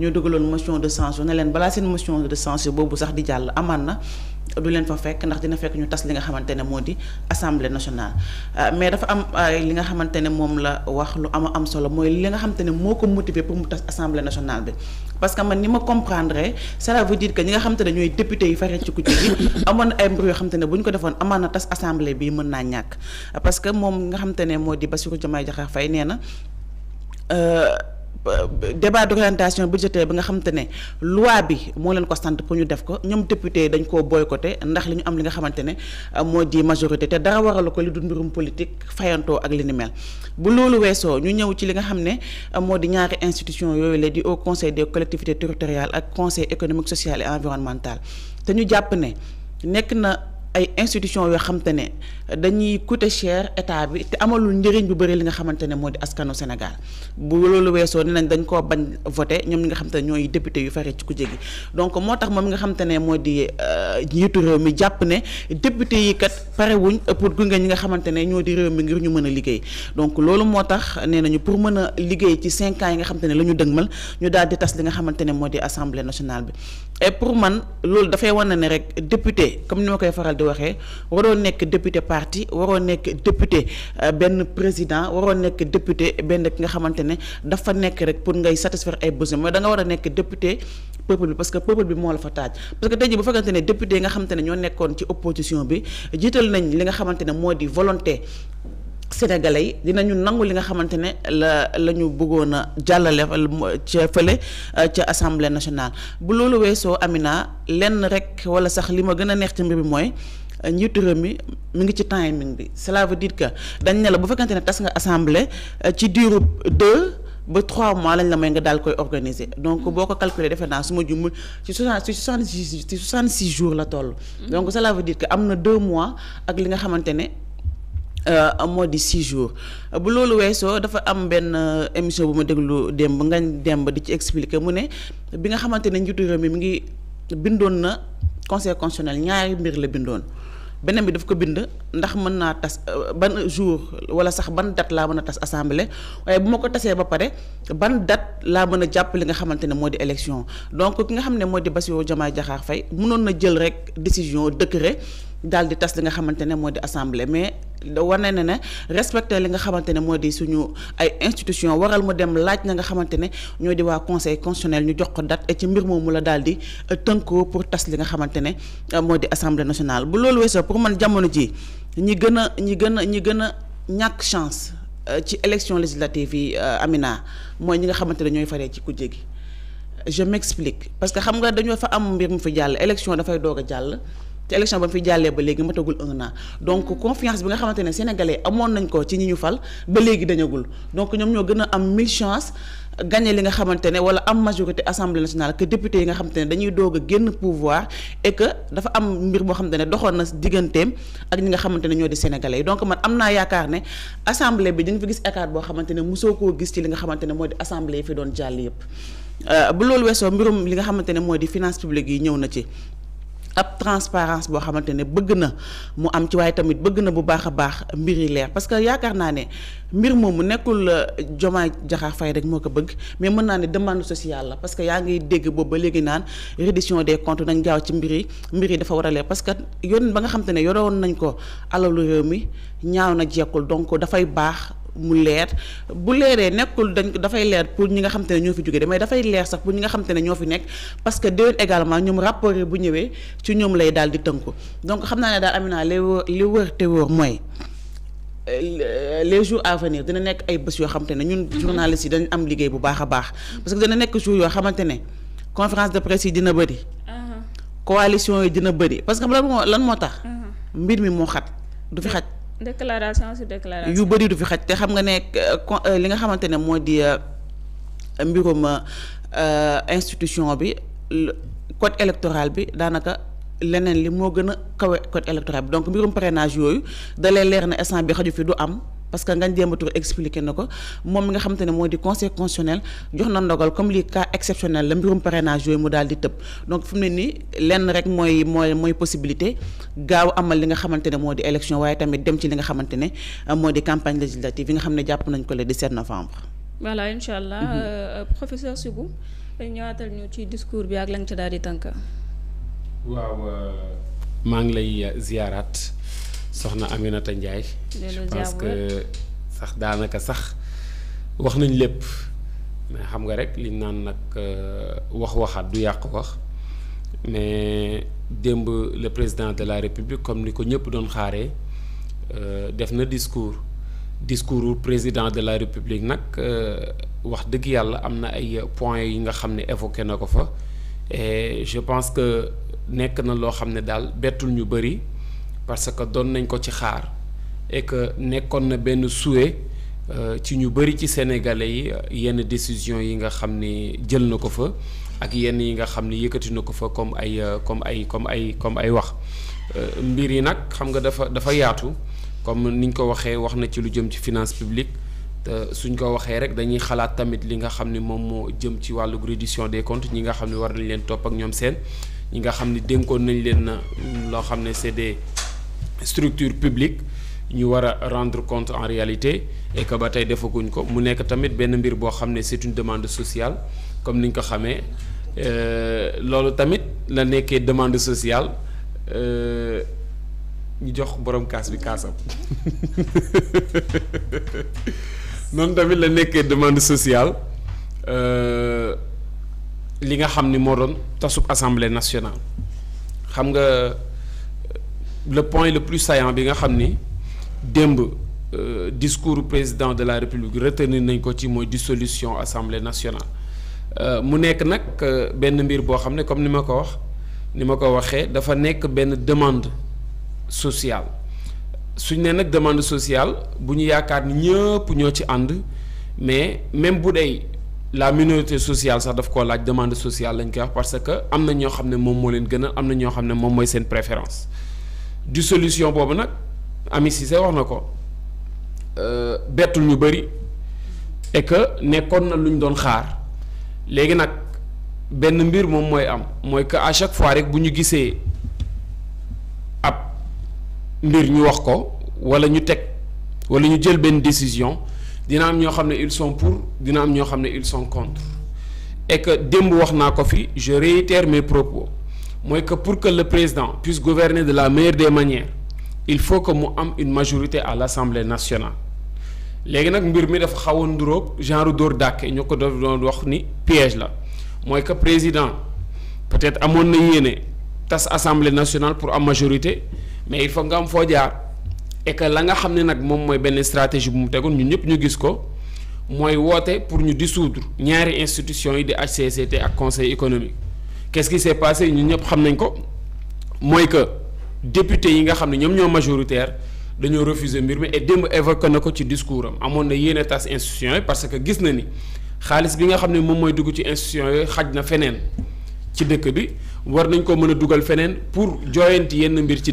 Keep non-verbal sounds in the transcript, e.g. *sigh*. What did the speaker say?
ñoo dugaloon motion de censure ne leen balaa seen motion de censure boobu sax di jàll amaan na du leen fa fekk ndax dina fekk ñu tas li nga xamante ne moo di assemblée nationale euh, mais dafa am euh, li nga xamante ne moom la wax lu ama am solo mooy li nga xamante ne moo ko motiver pour mu tas assemblée nationale bi parce que man ni ma comprendre cela veut dire que ñi nga xamante ne ñooy député yi faree ci kucc gi *laughs* amoon na ay mbir yoo xamante ne bu ñu ko defoon amaan na tas assemblée bi mën naa ñàkk parce que moom nga xamante ne moo di Bassirou Diomaye Diakhar Faye nee na euh, débat d'orientation budgétaire bi nga xamante ne loi bi moo leen ko sant pour ñu def ko ñoom député dañ koo boycotté ndax li ñu am li nga xamante ne moo di majorité te dara waral ko li du mbirum politique fayantoo ak li ni mel bu loolu weesoo ñu ñëw ci li nga xam ne moo di ñaari institution yooyu la di au conseil des collectivités territoriales ak conseil économique social et environnemental te ñu jàpp ne nekk na ay institutions yoo xamante ne dañuy coûter cher état bi te amalul njëriñ bu bëri li nga xamante ne moo di askanu Sénégal bu loolu weesoo ni nañ dañ koo bañ voté ñoom ñi nga xamante ne ñooy député yu faree ci ku jegi donc moo tax moom nga xamante ne moo di euh, njiitu mi jàpp ne député yi kat pare pour gunge ñi nga xamante ne ñoo di réew mi ngir ñu mën a liggéey donc loolu moo tax nee nañu pour mën a liggéey ci cinq yi nga xamante ne la ñu dëgmal ñu daal di tas li nga xamante ne moo di assemblée nationale bi et pour man loolu dafay wane ne rek député comme ni koy faral di waxee waroo nekk député parti waroo nekk député euh, benn président waroo nekk député benn ki nga xamante ne dafa nekk rek pour ngay satisfaire ay besoins mooy da war a nekk député peuple bi parce que peuple bi moo la fa taaj parce que tey jii bu fekkante ne député nga xamante ne ñoo nekkoon ci opposition bi jiital nañ li nga xamante ne moo di volonté sénégalais yi dinañu nangu li nga xamante ne la la ñu bëggoon a jàllale ca fële euh, ca assemblée nationale bu loolu weesoo Amina lenn rek wala sax li ma gën a neex ci mbir mi mooy euh, njiitu réew mi mu ngi ci timing bi cela veut dire que dañ ne la bu fekkante ne tas nga assemblée euh, ci diiru deux ba trois mois lañ la may nga daal koy organiser donc boo ko calculer defe naa su ma jumul ci soixante ci soixante six ci soixante six jours la toll. Mm-hmm. donc cela veut dire am na deux mois ak li nga xamante ne. Euh, moo di six jours bu loolu weesoo dafa am benn euh, émission bu ma déglu démb ngañ démb di ci expliquer mu ne bi nga xamante ne njiitu réew mi ngi bindoon na conseil ñaari mbir la bindoon beneen bi daf ko bind ndax mën naa tas euh, ban jour wala sax ban date laa mën a tas assemblée waaye bu ma ko tasee ba pare ban date laa mën a jàpp li nga xamante ne moo di élection donc ki nga xam ne moo di Bassirou jamaa Diakhar Faye mënoon na jël rek décision décret daal di tas li nga xamante ne moo di assemblée mais wane na ne respecté li nga xamante ne moo di suñu ay institution waral mu dem laaj na nga xamante ne ñoo di waa conseil constitutionnel ñu jox ko date et ci mbir moomu la daal di euh, tënkoo pour tas li nga xamante ne euh, moo di assemblée nationale bu loolu weesoo pour man jamono ji ñi gën a ñi gën a ñi gën a ñàkk chance euh, ci élection législative yi Amina mooy ñi nga xamante ne ñooy faree ci kujje gi je m'explique parce que xam nga dañoo fa am mbir mu fi jàll élection dafay doog a jàll te élection ba mu fi jàllee ba léegi matagul un an donc confiance bi nga xamante ne sénégalais amoon nañ ko ci ñi ñu fal ba léegi dañagul donc ñoom ñoo gën a am mille chance li nga xamante ne wala am majorité assemblée nationale député yi nga xamante ne dañuy doog a génn pouvoir et que dafa am mbir boo xamante ne doxoon na digganteem ak ñi nga xamante ne ñoo di sénégalais yi donc man am naa yaakaar ne assemblée bi dañ fa gis écart boo xamante ne mosoo koo gis ci li nga xamante ne moo di assemblée yi fi doon jàll yëpp euh, bu loolu weesoo mbirum li nga xamante ne moo di finance publique yi ñëw na ci ab transparence boo xamante ne bëgg na mu am ci waaye tamit bëgg na bu baax a baax mbir yi leer parce que yaakaar naa ne mbir moomu nekkul euh, Diomaye jaxaar fay rek moo ko bëgg mais mën naa ne demande sociale la parce que yaa ngi dégg boobu ba léegi naan reddition des comptes nañ gaaw ci mbir yi mbir yi dafa war a leer parce que yoon ba nga xamante ne yoroon nañ ko alalu réew mi ñaaw na jekkul donc dafay baax mu leer bu leeree nekkul dañ dafay leer pour ñi nga xam te ne ñoo fi jógee mais dafay leer sax pour ñi nga xam te ne ñoo fi nekk parce que déwén ñoom rapport yi bu ñëwee ci ñoom lay daal di tënku donc xam naa ne daal Amina li wër li wër te wóor mooy euh, les jours à venir dina nekk ay bés yoo xam ne ñun mm-hmm. journalistes yi dañ am liggéey bu baax a baax parce que dina nekk jour yoo xamante ne conférence de presse yi dina bëri uh-huh. coalition yi dina bëri parce que lan moo lan moo tax uh-huh. mbir mi moo xat du fi xaj déclaration sur déclaration. yu bëri du fi xaj te xam nga ne euh, euh, li nga xamante ne moo di euh, mbirum institution bi code électoral bi daanaka leneen li moo gën a kawe code électoral bi donc mbirum parrainage yooyu dalee leer na instant bi xaju fi du am. parce que Ngagne Demba expliqué na ko moom mi nga xamante ne moo di conseil constitutionnel jox na ndogal comme lii cas exceptionnel la mbirum parrainage yooyu mu daal di tëb donc fi mu ne nii lenn rek mooy mooy mooy possibilité gaaw amal li nga xamante ne moo di élection waaye tamit dem ci li nga xamante ne moo di campagne législative yi nga xam ne jàpp nañ ko le 17 novembre. voilà incha allah mhm. euh, professeur Sougou ñëwaatal ñu ci discours bi ak lañ ca daal di tànk. waaw euh, ngi lay ziyaaraat. soxna Aminata Ndiaye. je pense que sax daanaka sax wax nañ lépp mais xam nga rek liñ naan nag euh, wax waxaat du yàq wax mais démb le président de la république comme ni ko ñëpp doon xaaree euh, def na discours discours président de la république nag euh, wax dëgg yàlla am na ay points yi nga xam ne évoqué na ko fa e je pense que nekk na loo xam ne daal bettul ñu bëri. parce que doon nañ ko ci xaar et que nekkoon na benn souhait euh, ci ñu bëri ci sénégalais yi yenn décision yi nga xam ni jël na ko fa ak yenn yi nga xam ni yëkkati na ko fa comme ay euh, comme ay comme ay comme ay wax euh, mbir yi nag xam nga dafa dafa yaatu comme niñ ko waxee wax na ci lu jëm ci finance publique te suñ ko waxee rek dañuy xalaat tamit li nga xam ni moom moo jëm ci wàllu reddition des comptes ñi nga xam ni war nañ leen topp ak ñoom seen ñi nga xam ni dénkoon nañ leen na loo xam ne c'est structure publique ñu war a rendre compte en réalité et ba tey defaguñ ko mu nekk tamit benn mbir boo xam ne c'est une demande sociale comme ni ñu ko xamee euh, loolu tamit la nekkee demande sociale euh, ñu jox borom kaas bi kaasam *laughs* noonu tamit nekkee demande sociale euh, li nga xam ni moo doon tasub assemblée nationale xam nga. le point le plus saillant bi nga xam ni démb euh, discours président de la république retenir nañ ko ci mooy dissolution assemblée nationale euh, mu nekk nag euh, benn mbir boo xam ne comme ni ma ko wax ni ma ko waxee dafa nekk benn demande sociale suñ nee nag demande sociale bu ñu yaakaar ni ñëpp ñoo ci ànd mais même bu dee la minorité sociale sax daf ko laaj demande sociale lañ koy wax parce que am na ñoo xam ne moom moo leen gënal am na ñoo xam ne moom mooy seen préférence du solution boobu nag Ami Cissé wax na ko euh, bettul ñu bëri et que nekkoon na lu ñu doon xaar léegi nag benn mbir moom mooy am mooy que à chaque fois rek bu ñu gisee ab mbir ñu wax ko walla ñu teg walla ñu jël benn décision dina am ñoo xam ne ils sont pour dina am ñoo xam ne ils son contre et que démb wax naa ko fi je réitère mes propos. mooy que pour que le président puisse gouverner de la meilleure de manières il faut que mu am une majorité à l'Assemblée nationale léegi nag mbir mi dafa xaw a nduróog genre dóor dàkke ñu ko doon wax ni piège la mooy que président peut-être amoon na yéene tas assemblée nationale pour am majorité mais il faut nga am foo jaar et la nga xam ne nag moom mooy benn stratégie bu mu tegoon ñu ñëpp ñu gis ko mooy woote pour ñu di dissoudre ñaari institutions yi di HCCT ak conseil économique. qu'est-ce qui s'est passé ñëpp xam nañ ko mooy que député yi nga xam ne ñoom ñoo majoritaire dañoo refuser mbir mi et démb évoqué na ko ci discours am amoon na yéene tas institution yi parce que gis na ni xaalis bi nga xam ne moom mooy dugg ci institution yooyu xaj na feneen ci dëkk bi war nañ ko mën a dugal feneen pour jooyanti yenn mbir ci